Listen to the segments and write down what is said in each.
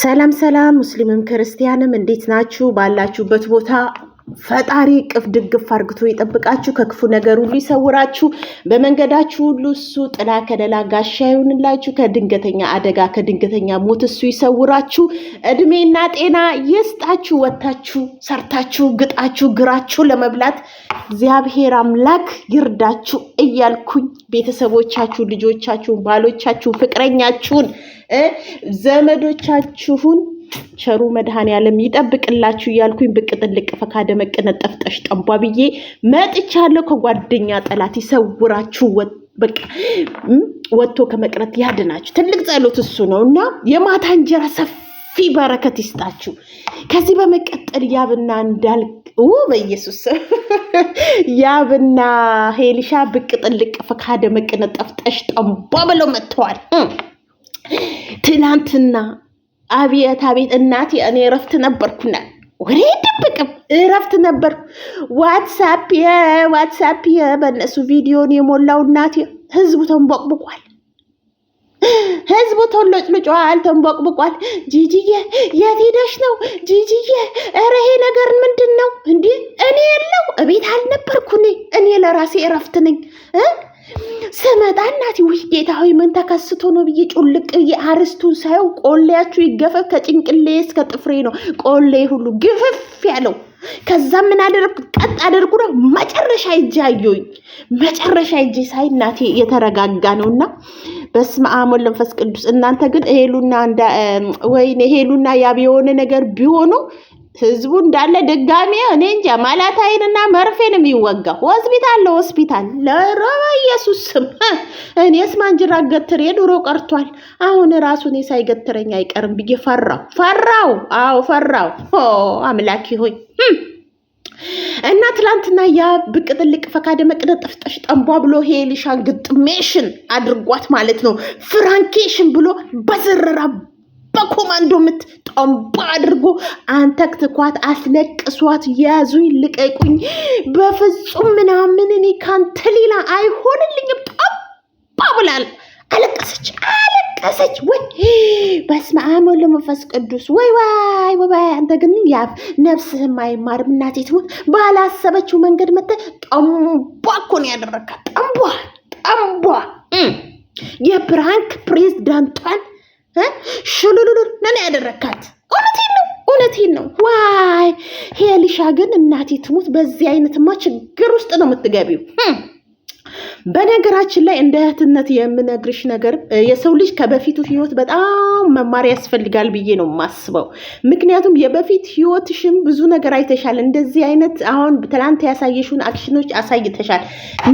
ሰላም ሰላም፣ ሙስሊምም ክርስቲያንም እንዴት ናችሁ? ባላችሁበት ቦታ ፈጣሪ ቅፍ ድግፍ አርግቶ ይጠብቃችሁ፣ ከክፉ ነገር ሁሉ ይሰውራችሁ፣ በመንገዳችሁ ሁሉ እሱ ጥላ ከለላ ጋሻ ይሁንላችሁ፣ ከድንገተኛ አደጋ ከድንገተኛ ሞት እሱ ይሰውራችሁ፣ እድሜና ጤና ይስጣችሁ፣ ወታችሁ ሰርታችሁ ግጣችሁ ግራችሁ ለመብላት እግዚአብሔር አምላክ ይርዳችሁ እያልኩኝ ቤተሰቦቻችሁን፣ ልጆቻችሁን፣ ባሎቻችሁን፣ ፍቅረኛችሁን፣ ዘመዶቻችሁን ቸሩ መድኃኔዓለም ይጠብቅላችሁ እያልኩኝ ብቅ ጥልቅ ፈካደ መቀነጠፍ ጠሽ ጠንቧ ብዬ መጥቻለሁ። ከጓደኛ ጠላት ይሰውራችሁ፣ በቃ ወጥቶ ከመቅረት ያድናችሁ። ትልቅ ጸሎት እሱ ነው እና የማታ እንጀራ ሰፊ በረከት ይስጣችሁ። ከዚህ በመቀጠል ያብና እንዳልክ በኢየሱስ ያብና ሄልሻ ብቅ ጥልቅ ፈካደ መቀነጠፍ ጠሽ ጠንቧ ብለው መጥተዋል ትላንትና አቤት አቤት እናቴ እኔ እረፍት ነበርኩና ወሬ ድብቅም እረፍት ነበርኩ። ዋትሳፕ ዋትሳፕ በእነሱ ቪዲዮን የሞላው እናቴ ህዝቡ ተንቦቅብቋል። ህዝቡ ተሎጭልጫዋል፣ ተንቦቅብቋል። ጂጂዬ የት ሄደሽ ነው? ጂጂዬ ኧረ ይሄ ነገር ምንድን ነው? እንዲህ እኔ የለው እቤት አልነበርኩኔ እኔ ለራሴ እረፍት ነኝ። ስመጣ እናቴ ውይ ጌታ ሆይ ምን ተከስቶ ነው ብዬ ጩልቅ ብዬ አርስቱን ሳየው ቆሌያችሁ ይገፈፍ ከጭንቅሌ እስከ ጥፍሬ ነው ቆሌ ሁሉ ግፍፍ ያለው። ከዛ ምን አደረግኩ? ቀጥ አደርጉ ነው መጨረሻ እጅ አየኝ። መጨረሻ እጅ ሳይ እናቴ የተረጋጋ ነውና በስመ አብ ወወልድ ወመንፈስ ቅዱስ። እናንተ ግን ሄሉና ወይ ሄሉና ያብ የሆነ ነገር ቢሆኑ ህዝቡ እንዳለ ድጋሚ እኔ እንጃ ማላታይንና መርፌን የሚወጋው ሆስፒታል ለሆስፒታል ለረባ ኢየሱስ ስም እኔስ ማንጅራ ገትሬ ድሮ ቀርቷል። አሁን ራሱን ሳይገትረኝ አይቀርም ብዬ ፈራው ፈራው። አዎ ፈራው። አምላኪ ሆይ እና ትላንትና ያ ብቅ ጥልቅ ፈካደ መቅደ ጠፍጠሽ ጠንቧ ብሎ ሄሊሻን ግጥሜሽን አድርጓት ማለት ነው ፍራንኬሽን ብሎ በዝርራ በኮማንዶ ምት ጠንባ አድርጎ አንተክትኳት፣ አስለቅሷት፣ ያዙኝ፣ ልቀቁኝ፣ በፍጹም ምናምን እኔ ካንተ ሌላ አይሆንልኝም ጠንባ ብላል። አለቀሰች አለቀሰች። ወይ በስመ አብ ወወልድ ወመንፈስ ቅዱስ። ወይ ወይ ወይ አንተ ግን ያብ ነፍስህም አይማርም። እናቴ ትሙት ባላሰበችው መንገድ መጥተህ ጠንቧ እኮ ነው ያደረካት። ጠንቧ ጠንቧ የብራንክ ፕሬዝዳንቷን ሽሉሉሉ ነን ያደረካት። እውነቴን ነው፣ እውነቴን ነው። ዋይ ሄልሻ ግን እናቴ ትሙት፣ በዚህ አይነትማ ችግር ውስጥ ነው የምትገቢው። በነገራችን ላይ እንደ እህትነት የምነግርሽ ነገር የሰው ልጅ ከበፊቱ ህይወት በጣም መማር ያስፈልጋል ብዬ ነው የማስበው። ምክንያቱም የበፊት ህይወትሽም ብዙ ነገር አይተሻል። እንደዚህ አይነት አሁን ትላንት ያሳየሽውን አክሽኖች አሳይተሻል።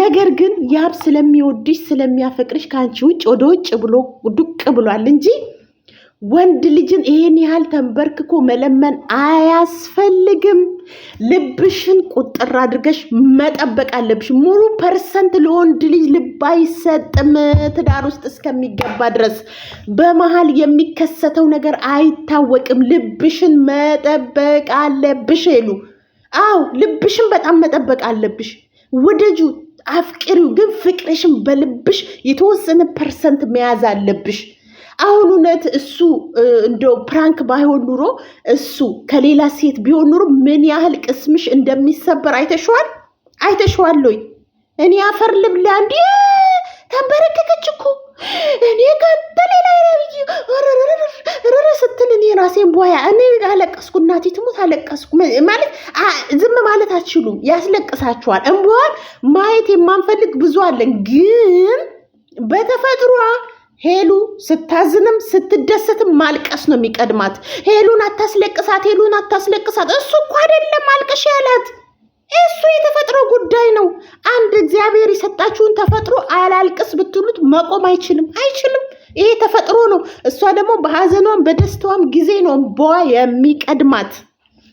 ነገር ግን ያብ ስለሚወድሽ ስለሚያፈቅርሽ ከአንቺ ውጭ ወደ ውጭ ብሎ ዱቅ ብሏል እንጂ ወንድ ልጅን ይሄን ያህል ተንበርክኮ መለመን አያስፈልግም። ልብሽን ቁጥር አድርገሽ መጠበቅ አለብሽ። ሙሉ ፐርሰንት ለወንድ ልጅ ልብ አይሰጥም፣ ትዳር ውስጥ እስከሚገባ ድረስ። በመሀል የሚከሰተው ነገር አይታወቅም። ልብሽን መጠበቅ አለብሽ ሄሉ። አዎ ልብሽን በጣም መጠበቅ አለብሽ። ውደጁ፣ አፍቅሪው፣ ግን ፍቅርሽን በልብሽ የተወሰነ ፐርሰንት መያዝ አለብሽ። አሁን እውነት እሱ እንደው ፕራንክ ባይሆን ኑሮ እሱ ከሌላ ሴት ቢሆን ኑሮ ምን ያህል ቅስምሽ እንደሚሰበር አይተሸዋል አይተሸዋል እኔ አፈር ልብላ እንዲ ተንበረከከች እኮ እኔ ከንተ ሌላ ረረረረ ስትል እኔ ራሴን በኋያ እኔ አለቀስኩ። እናቴ ትሙት አለቀስኩ። ማለት ዝም ማለት አትችሉም፣ ያስለቅሳችኋል። እንበዋን ማየት የማንፈልግ ብዙ አለን፣ ግን በተፈጥሯ ሄሉ ስታዝንም ስትደሰትም ማልቀስ ነው የሚቀድማት። ሄሉን አታስለቅሳት፣ ሄሉን አታስለቅሳት። እሱ እኮ አይደለም ማልቀሽ ያላት፣ እሱ የተፈጥሮ ጉዳይ ነው። አንድ እግዚአብሔር የሰጣችሁን ተፈጥሮ አላልቅስ ብትሉት መቆም አይችልም፣ አይችልም። ይሄ ተፈጥሮ ነው። እሷ ደግሞ በሀዘኗም በደስታዋም ጊዜ ነው በዋ የሚቀድማት።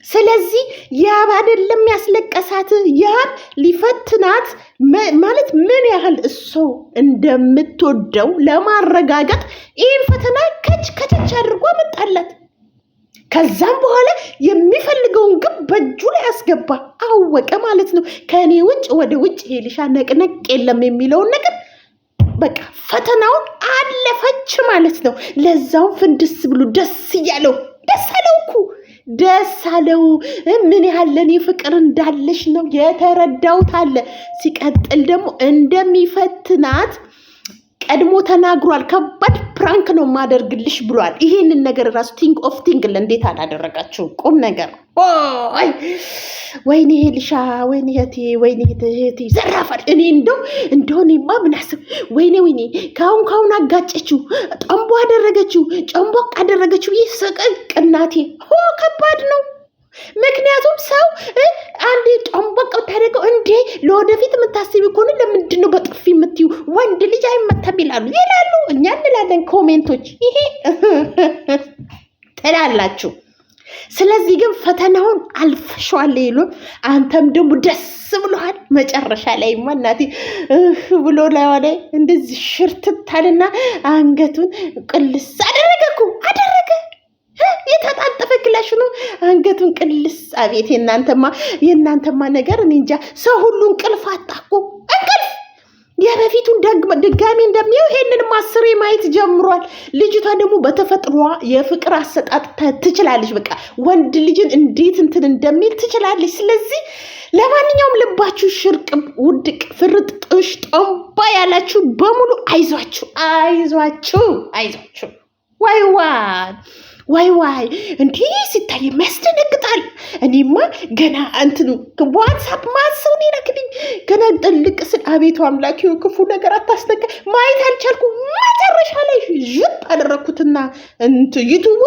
ስለዚህ ያብ አይደለም ያስለቀሳት ያብ ሊፈትናት ማለት ምን ያህል እሱ እንደምትወደው ለማረጋገጥ ይህን ፈተና ከች ከቸች አድርጎ መጣላት። ከዛም በኋላ የሚፈልገውን ግብ በእጁ ላይ አስገባ፣ አወቀ ማለት ነው። ከእኔ ውጭ ወደ ውጭ ሄልሻ ነቅነቅ የለም የሚለውን ነገር በቃ ፈተናውን አለፈች ማለት ነው። ለዛውን ፍንድስ ብሎ ደስ እያለው ደስ አለው እኮ ደስ አለው። ምን ያህል ለእኔ ፍቅር እንዳለሽ ነው የተረዳውት አለ። ሲቀጥል ደግሞ እንደሚፈትናት ቀድሞ ተናግሯል። ከባድ ፕራንክ ነው ማደርግልሽ ብሏል። ይሄንን ነገር ራሱ ቲንግ ኦፍ ቲንግ ለእንዴት አላደረጋችሁ? ቁም ነገር ይ ወይኔ ልሻ፣ ወይኔ እህቴ፣ ወይኔ እህቴ ዘራፋል። እኔ እንደው እንደሆነማ ምናስብ ወይኔ ወይኔ፣ ካሁን ካሁን አጋጨችው፣ ጠንቦ አደረገችው፣ ጨንቦቅ አደረገችው። ይህ ስቅቅ እናቴ ሆ ከባድ ነው። ምክንያቱም ሰው አንድ ጨንቦቅ ብታደርገው እንዴ ለወደፊት የምታስቢ ከሆነ ለምንድን ነው በጥፊ የምትዩ? ወንድ ልጅ አይመታም ይላሉ ይላሉ። እኛ እንላለን ኮሜንቶች ይሄ ትላላችሁ። ስለዚህ ግን ፈተናውን አልፈሸዋል ይሉ አንተም ደግሞ ደስ ብሎሃል። መጨረሻ ላይ እህ ብሎ ለሆነ እንደዚህ ሽርትታልና አንገቱን ቅልስ አደረገኩ አደረገ። የታጣጠፈ ክላሽ ነው አንገቱን ቅልስ። አቤት የእናንተማ የእናንተማ ነገር እኔ እንጃ። ሰው ሁሉ እንቅልፍ አጣ እንቅልፍ የበፊቱን ድጋሚ እንደሚው ይሄንን ማስሬ ማየት ጀምሯል። ልጅቷ ደግሞ በተፈጥሯ የፍቅር አሰጣጥ ትችላለች። በቃ ወንድ ልጅን እንዴት እንትን እንደሚል ትችላለች። ስለዚህ ለማንኛውም ልባችሁ ሽርቅ ውድቅ ፍርጥ ጥሽ ጠንባ ያላችሁ በሙሉ አይዟችሁ፣ አይዟችሁ፣ አይዟችሁ ዋይዋን ዋይ ዋይ እንዲህ ሲታይ የሚያስደነግጣል። እኔማ ገና እንትኑ ዋትሳፕ ማሰው ማሰውን ይረክልኝ ገና ጥልቅ ስል አቤቱ አምላክ ክፉ ነገር አታስነጋ ማየት አልቻልኩ። መጨረሻ ላይ ዥጥ አደረግኩትና እንት ዩቱቡ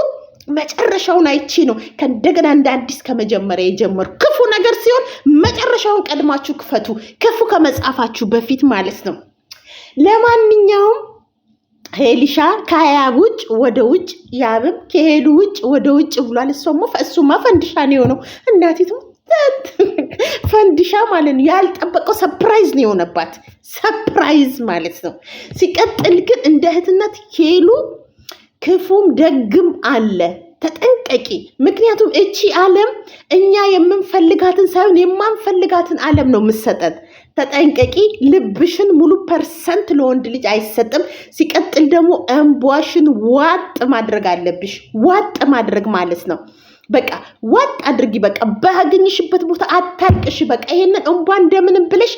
መጨረሻውን አይቼ ነው ከእንደገና እንደ አዲስ ከመጀመሪያ የጀመሩ። ክፉ ነገር ሲሆን መጨረሻውን ቀድማችሁ ክፈቱ፣ ክፉ ከመጻፋችሁ በፊት ማለት ነው። ለማንኛውም ሄሊሻ ከሀያብ ውጭ ወደ ውጭ ያብም ከሄሉ ውጭ ወደ ውጭ ብሏል። እሷማ እሱማ ፈንድሻ ነው የሆነው እናቲቱ ፈንድሻ ማለት ነው። ያልጠበቀው ሰፕራይዝ ነው የሆነባት፣ ሰፕራይዝ ማለት ነው። ሲቀጥል ግን እንደ እህትነት ሄሉ ክፉም ደግም አለ፣ ተጠንቀቂ። ምክንያቱም እቺ ዓለም እኛ የምንፈልጋትን ሳይሆን የማንፈልጋትን ዓለም ነው የምሰጠን። ተጠንቀቂ። ልብሽን ሙሉ ፐርሰንት ለወንድ ልጅ አይሰጥም። ሲቀጥል ደግሞ እንቧሽን ዋጥ ማድረግ አለብሽ። ዋጥ ማድረግ ማለት ነው በቃ ዋጥ አድርጊ። በቃ ባገኝሽበት ቦታ አታልቅሽ። በቃ ይሄንን እንቧ እንደምንም ብለሽ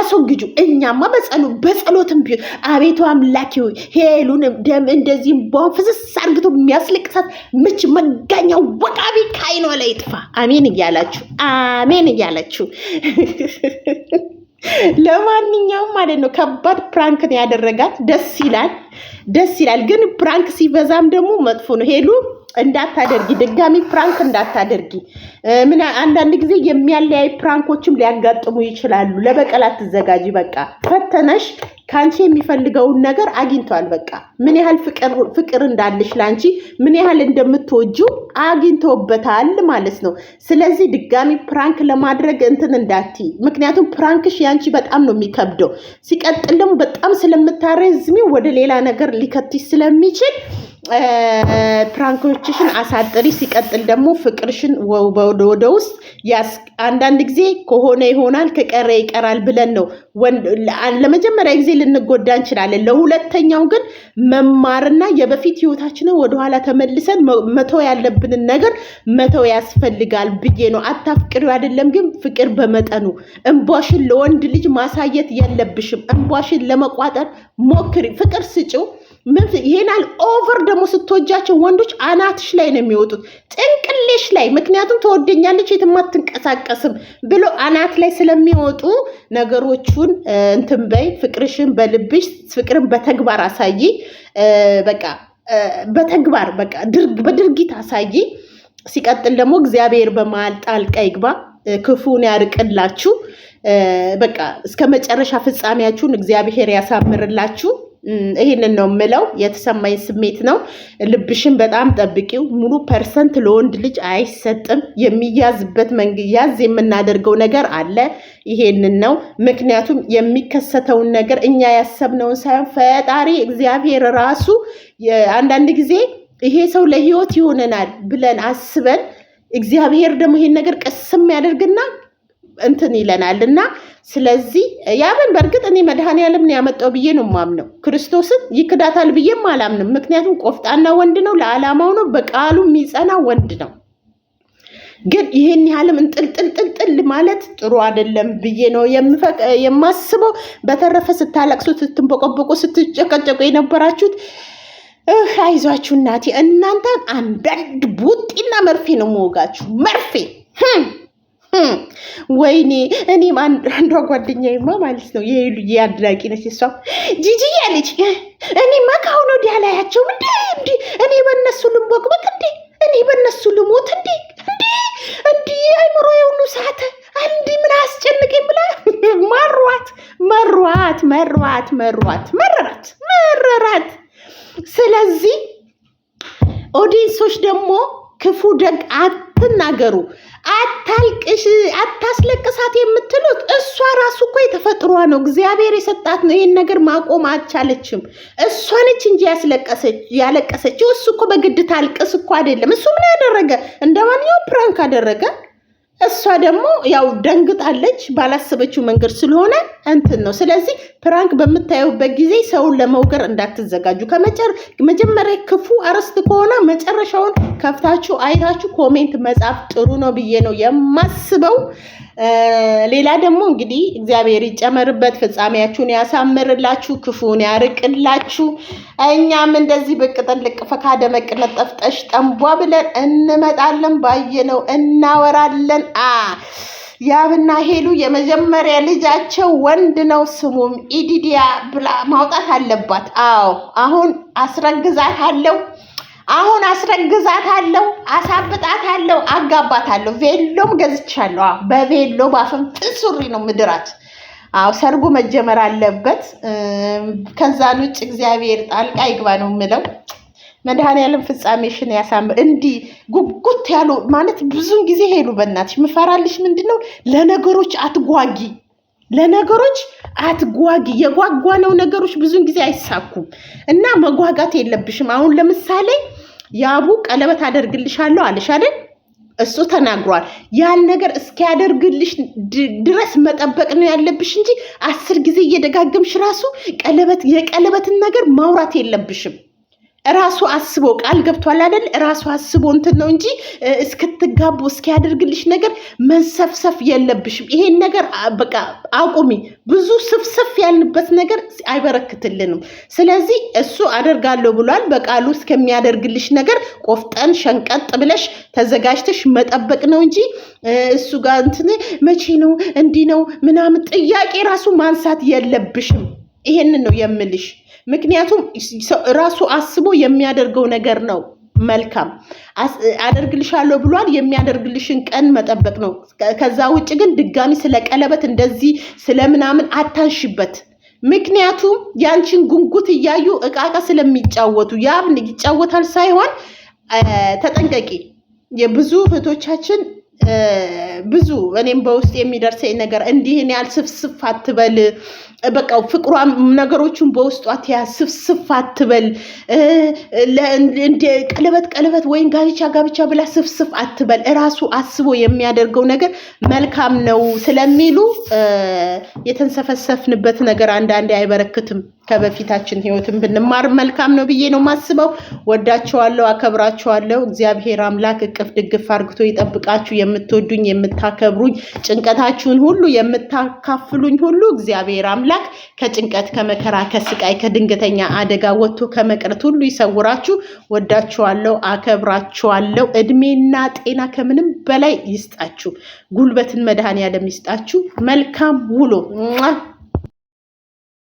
አስወግጁ። እኛማ በጸሎ በጸሎትም ቢሆን አቤቱ አምላኪ ሄሉን ደም እንደዚህ እንቧን ፍስስ አርግቶ የሚያስለቅሳት ምች መጋኛ ወቃቢ ከዓይኗ ላይ ጥፋ። አሜን እያላችሁ አሜን እያላችሁ ለማንኛውም ማለት ነው ከባድ ፕራንክ ነው ያደረጋት። ደስ ይላል፣ ደስ ይላል። ግን ፕራንክ ሲበዛም ደግሞ መጥፎ ነው። ሄሉ እንዳታደርጊ፣ ድጋሚ ፕራንክ እንዳታደርጊ። ምን አንዳንድ ጊዜ የሚያለያይ ፕራንኮችም ሊያጋጥሙ ይችላሉ። ለበቀል አትዘጋጂ። በቃ ፈተነሽ ከአንቺ የሚፈልገውን ነገር አግኝቷል። በቃ ምን ያህል ፍቅር እንዳለሽ ለአንቺ ምን ያህል እንደምትወጁ አግኝቶበታል ማለት ነው። ስለዚህ ድጋሚ ፕራንክ ለማድረግ እንትን እንዳትይ፣ ምክንያቱም ፕራንክሽ የአንቺ በጣም ነው የሚከብደው። ሲቀጥል ደግሞ በጣም ስለምታረዝሚው ወደ ሌላ ነገር ሊከትሽ ስለሚችል ፕራንኮችሽን አሳጥሪ። ሲቀጥል ደግሞ ፍቅርሽን ወደ ውስጥ አንዳንድ ጊዜ ከሆነ ይሆናል ከቀረ ይቀራል ብለን ነው። ለመጀመሪያ ጊዜ ልንጎዳ እንችላለን። ለሁለተኛው ግን መማርና የበፊት ህይወታችንን ወደኋላ ተመልሰን መተው ያለብንን ነገር መተው ያስፈልጋል ብዬ ነው። አታፍቅሪው አይደለም ግን ፍቅር በመጠኑ እንቧሽን ለወንድ ልጅ ማሳየት የለብሽም። እንቧሽን ለመቋጠር ሞክሪ። ፍቅር ስጭው። ይሄናል ኦቨር ደግሞ ስትወጃቸው ወንዶች አናትሽ ላይ ነው የሚወጡት፣ ጥንቅሌሽ ላይ ምክንያቱም ተወደኛለች የትም አትንቀሳቀስም ብሎ አናት ላይ ስለሚወጡ ነገሮቹን እንትን በይ፣ ፍቅርሽን በልብሽ ፍቅርን በተግባር አሳይ። በቃ በተግባር በቃ በድርጊት አሳይ። ሲቀጥል ደግሞ እግዚአብሔር በመሃል ጣልቃ ይግባ፣ ክፉን ያርቅላችሁ። በቃ እስከ መጨረሻ ፍጻሜያችሁን እግዚአብሔር ያሳምርላችሁ። ይህንን ነው የምለው፣ የተሰማኝ ስሜት ነው። ልብሽን በጣም ጠብቂው። ሙሉ ፐርሰንት ለወንድ ልጅ አይሰጥም። የሚያዝበት ያዝ የምናደርገው ነገር አለ። ይሄንን ነው ምክንያቱም የሚከሰተውን ነገር እኛ ያሰብነውን ሳይሆን ፈጣሪ እግዚአብሔር ራሱ አንዳንድ ጊዜ ይሄ ሰው ለህይወት ይሆነናል ብለን አስበን እግዚአብሔር ደግሞ ይሄን ነገር ቅስም ያደርግና እንትን ይለናል እና ስለዚህ ያብን በእርግጥ እኔ መድኃኔዓለም ነው ያመጣው ብዬ ነው የማምነው። ክርስቶስን ይክዳታል ብዬም አላምንም። ምክንያቱም ቆፍጣና ወንድ ነው፣ ለዓላማው ነው፣ በቃሉ የሚጸና ወንድ ነው። ግን ይህን ያህልም እንጥልጥልጥልጥል ማለት ጥሩ አይደለም ብዬ ነው የማስበው። በተረፈ ስታለቅሱ፣ ስትንበቆበቁ፣ ስትጨቀጨቁ የነበራችሁት አይዟችሁ እናቴ፣ እናንተን አንዳንድ ቡጢና መርፌ ነው መወጋችሁ መርፌ ወይኔ እኔም አንዷ ጓደኛዬማ ማለት ነው የሄሉዬ አድናቂ ነች። እሷ ጂጂ ያለች እኔማ ከአሁን ወዲህ አላያቸውም እንዲ እንዲ እኔ በእነሱ ልንቦቅበቅ እንዲ እኔ በእነሱ ልሞት እንዲ እንዲ እንዲ አይምሮ የሁሉ ሰዓት አንድ ምን አስጨንቀኝ ብላ መሯት መሯት መሯት መሯት መረራት መረራት። ስለዚህ ኦዲንሶች ደግሞ ክፉ ደግ አትናገሩ። አታልቅሽ፣ አታስለቅሳት የምትሉት እሷ ራሱ እኮ የተፈጥሯ ነው፣ እግዚአብሔር የሰጣት ነው። ይህን ነገር ማቆም አልቻለችም። እሷ ነች እንጂ ያለቀሰችው። እሱ እኮ በግድ ታልቅስ እኮ አይደለም። እሱ ምን ያደረገ? እንደ ማንኛውም ፕራንክ አደረገ። እሷ ደግሞ ያው ደንግጣለች፣ ባላሰበችው መንገድ ስለሆነ እንትን ነው። ስለዚህ ፕራንክ በምታዩበት ጊዜ ሰውን ለመውገር እንዳትዘጋጁ። መጀመሪያ ክፉ አርዕስት ከሆነ መጨረሻውን ከፍታችሁ አይታችሁ ኮሜንት መጻፍ ጥሩ ነው ብዬ ነው የማስበው። ሌላ ደግሞ እንግዲህ እግዚአብሔር ይጨመርበት፣ ፍጻሜያችሁን ያሳምርላችሁ፣ ክፉን ያርቅላችሁ። እኛም እንደዚህ ብቅ ጥልቅ ፈካ ደመቅነት ጠፍጠሽ ጠንቧ ብለን እንመጣለን። ባየነው እናወራለን። አ ያብና ሄሉ የመጀመሪያ ልጃቸው ወንድ ነው። ስሙም ኢዲዲያ ብላ ማውጣት አለባት። አዎ አሁን አስረግዛት አለው። አሁን አስረግዛታለሁ፣ አሳብጣታለሁ፣ አጋባታለሁ። ቬሎም ገዝቻለሁ። በቬሎ ባፈንፍል ሱሪ ነው ምድራት። አዎ ሰርጉ መጀመር አለበት። ከዛን ውጭ እግዚአብሔር ጣልቃ ይግባ ነው የምለው። መድኃኔዓለም ፍጻሜሽን ያሳም እንዲህ ጉጉት ያሉ ማለት ብዙን ጊዜ ሄሉ በእናትሽ ምፈራልሽ ምንድን ነው? ለነገሮች አትጓጊ፣ ለነገሮች አትጓጊ። የጓጓነው ነገሮች ብዙን ጊዜ አይሳኩም እና መጓጋት የለብሽም። አሁን ለምሳሌ ያቡ ቀለበት አደርግልሻለሁ አለሽ አይደል? እሱ ተናግሯል። ያን ነገር እስኪያደርግልሽ ድረስ መጠበቅ ነው ያለብሽ እንጂ አስር ጊዜ እየደጋገምሽ ራሱ ቀለበት የቀለበትን ነገር ማውራት የለብሽም። ራሱ አስቦ ቃል ገብቷል አይደል? ራሱ አስቦ እንትን ነው እንጂ እስክትጋቡ እስኪያደርግልሽ ነገር መንሰፍሰፍ የለብሽም። ይሄን ነገር በቃ አቁሚ። ብዙ ስፍስፍ ያልንበት ነገር አይበረክትልንም። ስለዚህ እሱ አደርጋለሁ ብሏል። በቃሉ እስከሚያደርግልሽ ነገር ቆፍጠን ሸንቀጥ ብለሽ ተዘጋጅተሽ መጠበቅ ነው እንጂ እሱ ጋር እንትን መቼ ነው እንዲህ ነው ምናምን ጥያቄ ራሱ ማንሳት የለብሽም። ይሄንን ነው የምልሽ። ምክንያቱም ራሱ አስቦ የሚያደርገው ነገር ነው። መልካም አደርግልሻለሁ ብሏል። የሚያደርግልሽን ቀን መጠበቅ ነው። ከዛ ውጭ ግን ድጋሚ ስለ ቀለበት እንደዚህ ስለምናምን አታንሽበት። ምክንያቱም ያንቺን ጉንጉት እያዩ እቃቃ ስለሚጫወቱ ያብ ይጫወታል ሳይሆን ተጠንቀቂ። የብዙ እህቶቻችን ብዙ እኔም በውስጥ የሚደርሰኝ ነገር እንዲህን ያህል ስፍስፍ አትበል፣ በቃ ፍቅሯ ነገሮቹን በውስጧ ትያ ስፍስፍ አትበል። ቀለበት ቀለበት ወይም ጋብቻ ጋብቻ ብላ ስፍስፍ አትበል፣ እራሱ አስቦ የሚያደርገው ነገር መልካም ነው ስለሚሉ የተንሰፈሰፍንበት ነገር አንዳንዴ አይበረክትም። ከበፊታችን ህይወትን ብንማር መልካም ነው ብዬ ነው የማስበው። ወዳችኋለሁ፣ አከብራችኋለሁ። እግዚአብሔር አምላክ እቅፍ ድግፍ አርግቶ ይጠብቃችሁ። የምትወዱኝ የምታከብሩኝ፣ ጭንቀታችሁን ሁሉ የምታካፍሉኝ ሁሉ እግዚአብሔር አምላክ ከጭንቀት ከመከራ፣ ከስቃይ፣ ከድንገተኛ አደጋ ወጥቶ ከመቅረት ሁሉ ይሰውራችሁ። ወዳችኋለሁ፣ አከብራችኋለሁ። እድሜና ጤና ከምንም በላይ ይስጣችሁ። ጉልበትን መድኃኔዓለም ይስጣችሁ። መልካም ውሎ